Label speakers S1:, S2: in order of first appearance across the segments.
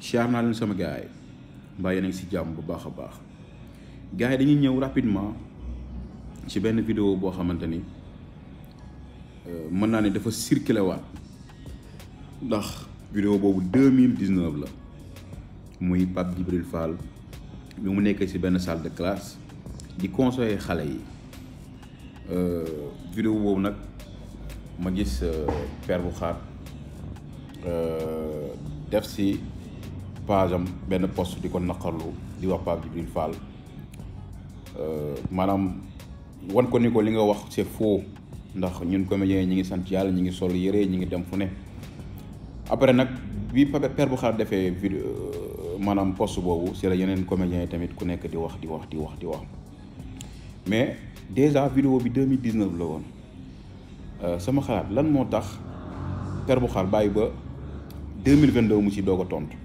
S1: siyaar naa leen sama gars yi mbaa ci jamm bu baax a baax gars yi dañuy rapidement ci ben vidéo bo xamanteni euh mën na ni dafa circuler waat ndax vidéo bobu 2019 la muy pap jibril Fall bi mu nekk ci ben salle de classe di conseiller xalé yi euh vidéo bobu nak ma gis euh, père bu xaar euh def ci page am benn post di ko naqarlu di wax Pape Djibril Fall euh, maanaam wan ko ni ko li nga wax c'est faux ndax ñun comédiens ñi ngi sant yàlla ñi ngi sol yére ñi ngi dem fu ne après nag bi père bu xaar defee vidéo euh, maanaam poste boobu si la yeneen comédiens tamit ku nekk di wax di wax di wax di wax mais déjà vidéo bi 2019 la woon euh, sama xalaat lan moo tax père bu xaar bàyyi ba 2022 mu ci doog a tontu.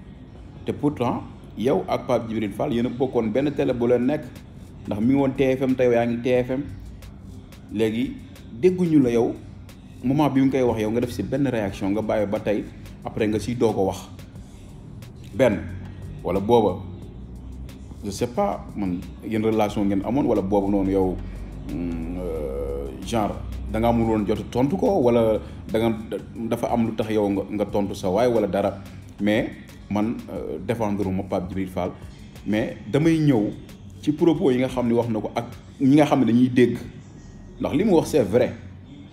S1: te pourtant yow ak pap jibril Fall yéen bokone ben benn télé bu leen ndax mi won TFM tay yow TFM legui dégguñu la yow moment bi mu koy wax yow nga def si benn réaction nga baye ba tay après nga ci doo wax ben wala boba je sais pas man yéen relation ngeen amone wala boba non yow hmm, euh, genre da nga amul won jot tontu ko wala da nga dafa am lu tax yow nga tontu sa way wala dara mais man euh, défendre ma Pape Djibril Fall mais damay ñëw ci propos yi nga xam ne wax na ko ak ñi nga xam ne dañuy dégg ndax li mu wax c'est vrai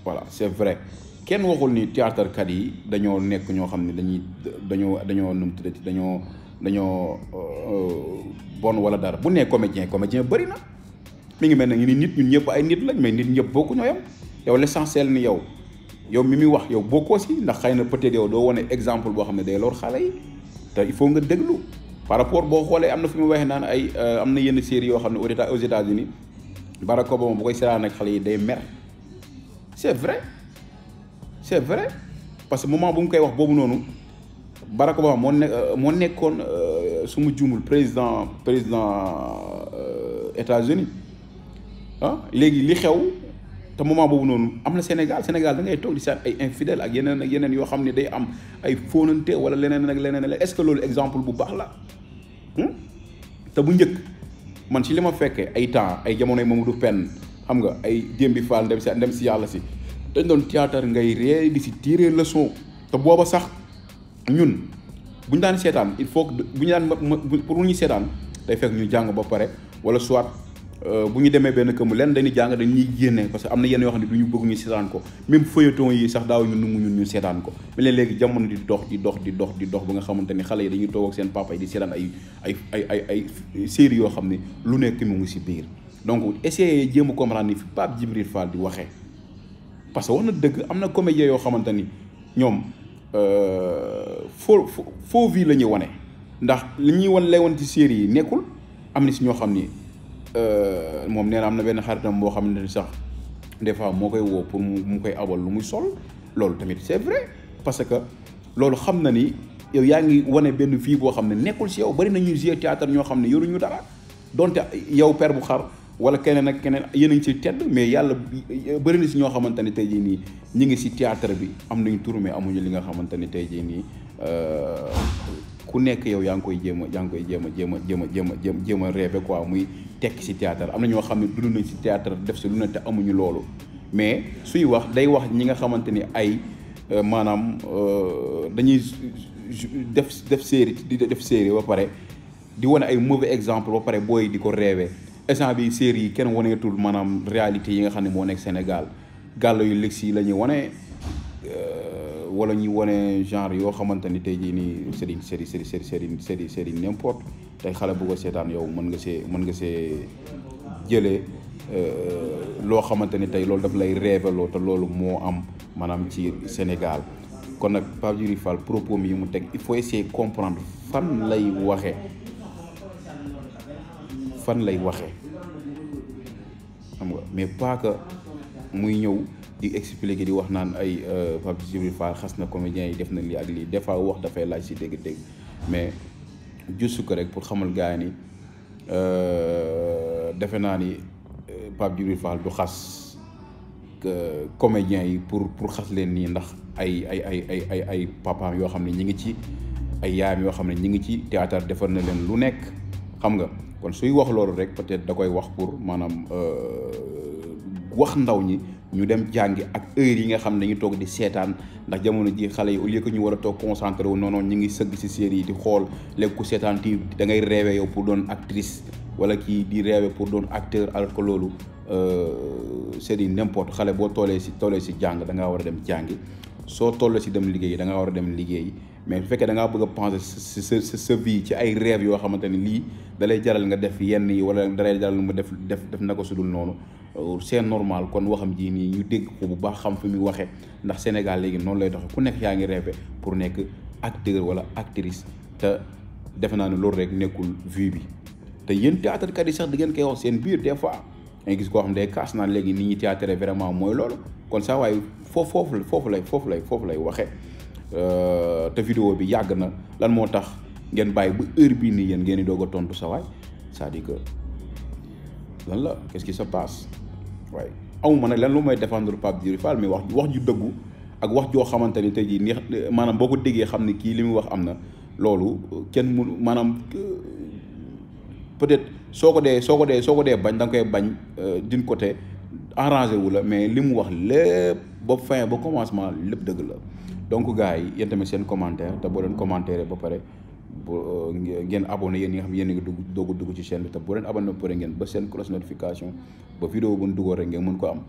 S1: voilà c'est vrai kenn waxul ni théâtrekat yi dañoo nekk ñoo xam ne dañuy dañoo dañoo nu mu tuddati dañoo dañoo euh, bon wala dara bu nee comédien comédien bëri na mi ngi mel ne ni nit ñun ñëpp ay nit lañ mais nit ñëpp bokku ñoo yam yow l'essentiel ni yow yow mi muy wax yow bokkoo si ndax xëy na peut-être yow doo wane exemple boo xam ne day lor xale yi il faut nga par rapport à am euh, série aux États-Unis Barack Obama bu mer c'est vrai c'est vrai parce que moment bu mu koy wax boobu Barack Obama ne euh, euh, président président États-Unis ah li xew te moment boobu noonu am na Sénégal Sénégal da ngay toog di seet ay infidèle ak yeneen ak yeneen yoo xam ne day am ay fóonante wala leneen ak leneen la est-ce que loolu exemple bu baax la hmm? te bu njëkk man ci li ma fekkee ay temps ay jamonoy Mamadou Penn xam nga ay Démbi Fall dem si dem si yàlla si dañ doon théâtre ngay ree di si tirer leçon te booba sax ñun bu ñu daan seetaan il faut que bu ñu daan pour ñu seetaan day fekk ñu jàng ba pare wala soit Euh, bu ñu demee benn kër mu lenn dañuy jàng dañuy génne parce que am na yenn yoo xam ne du ñu bëgg ñu seetaan ko même feuilleton yi sax daaw ñu numu ñun ñu seetaan ko mais léeg léegi jamono di dox di dox di dox di dox ba nga xamante ni xale yi dañuy toog ak seen yi di seetaan ay ay ay ay yoo xam ne lu nekk mu si biir donc essayer jéem a comprendre ni fi Pape Djibril Fall di waxee parce que wax na dëgg am na comédien yoo xamante ni ñoom euh, faux faux vie la ñuy wane ndax li ñuy wan lay wan ci série yi nekkul am na si ñoo xam ni Euh, moom nee na am na benn xaritam boo xam ne sax des fois moo koy woo pour mu koy abal lu muy sol loolu tamit c'est vrai parce que loolu xam na ni yow yaa ngi wane benn fii boo xam ne nekkul si yow bari na ñuy jouer théâtre ñoo xam ne yoruñu dara donte yow per bu xar wala keneen ak keneen yéen a ngi ci tedd mais yàlla bari na si ñoo xamante ne tey jii nii ñu ngi si théâtre bi am nañ tour mais amuñu li nga xamante ne tey jii nii euh, ku nekk yow yaa ngi koy jéem a yaa ngi koy jéem a jéem a jéem a jéem a jéem jéem a rêve quoi muy tekki ci théâtre am na ñoo xam ne dund nañ ci théâtre def ci lu ne te amuñu loolu mais suy wax day wax ñi nga xamante ni ay euh, maanaam euh, dañuy def def série di def série ba pare di wane ay mauvais exemple ba pare booy di ko rêve instant bi série yi kenn waneetul maanaam réalité yi nga xam ne moo nekk Sénégal gàllo yu lëg si la ñuy wane wala ñu wane genre yoo xamante ni tey jii nii c'est di c'est di c'est di c'est di c'est n'importe tey xale bu ko seetaan yow mën nga see mën nga see jëlee euh, loo xamante ni tey loolu daf lay réeveloo te loolu moo am maanaam ci Sénégal kon nag Pape Djibril Fall propos mi mu teg il faut essayer comprendre fan lay waxe fan lay waxe xam nga mais pas que muy ñëw di expliquer di wax naan ay euh, Pape Djibril Fall xas na comédiens yi def na lii ak lii des wax dafay laaj si dégg-dégg mais juste que rek pour xamal gars yi ni euh, defe naa ni euh, Pape Djibril Fall du xas comédiens yi pour pour xas leen nii ndax ay ay ay ay ay ay papaam yoo xam ne ñi ngi ci ay yaayam yoo xam ne ñi ngi ci théâtre defar na leen lu nekk xam nga kon suy wax loolu rek peut-être da koy wax pour maanaam wax ndaw ñi ñu dem jàngi ak heure yi nga xam ne dañu toog di seetaan ndax jamono ji xale yi u lieu que ñu war a toog concentré wu noonu ñu ngi sëgg si série yi di xool léegi ku seetaan ti da ngay yow pour doon actrice wala kii di rêver pour doon acteur alors que loolu euh, c'est xale boo toolee si toolee si jàng da ngaa war a dem jàngi soo toll si dem liggéey da nga war a dem liggéey mais bu fekkee danga ngaa bëgg a penser sa sa sa vie ci ay rêve yoo xamante ni lii dalay jaral nga def yenn yi wala dalay jaral nga def def def na ko su dul noonu euh, seen normal kon waxam ji nii ñu dégg ko bu baax xam fi mu waxee ndax Sénégal léegi noonu lay doxee ku nekk yaa ngi rêve pour nekk acteur wala actrice te defe naa ni loolu rek nekkul vie bi te yéen théâtre kat yi sax di ngeen koy wax seen biir des fois da gis xam day kaas naa léegi ni ñuy théâtre vraiment mooy loolu kon sa way foofu foofu la lay foofu lay foofu lay waxe euh, te vidéo bi yag na lan moo tax ngeen bàyyi bu heure bi ni yéen ngeen dogo tontu sa way ça dit que lan la qu'est-ce qui se passe waaye amuma nag lan lu may défendre pap Djibril Fall mais wax wax ju deggu ak wax jo xamanteni tay ji manam boko maanaam xamni ki limi wax amna na euh, ken mu euh, peut-être soko dé soko dé soko dé bañ dang koy bañ d'une côté arrangé mais li mu wax lépp ba fin ba commencement lépp la donc gars yi yéen commentaire te boo leen ba pare bu euh, ngeen abonné yéen nga xam yéen a dugg ci chaîne bi te abonné notification ba vidéo bu rek ko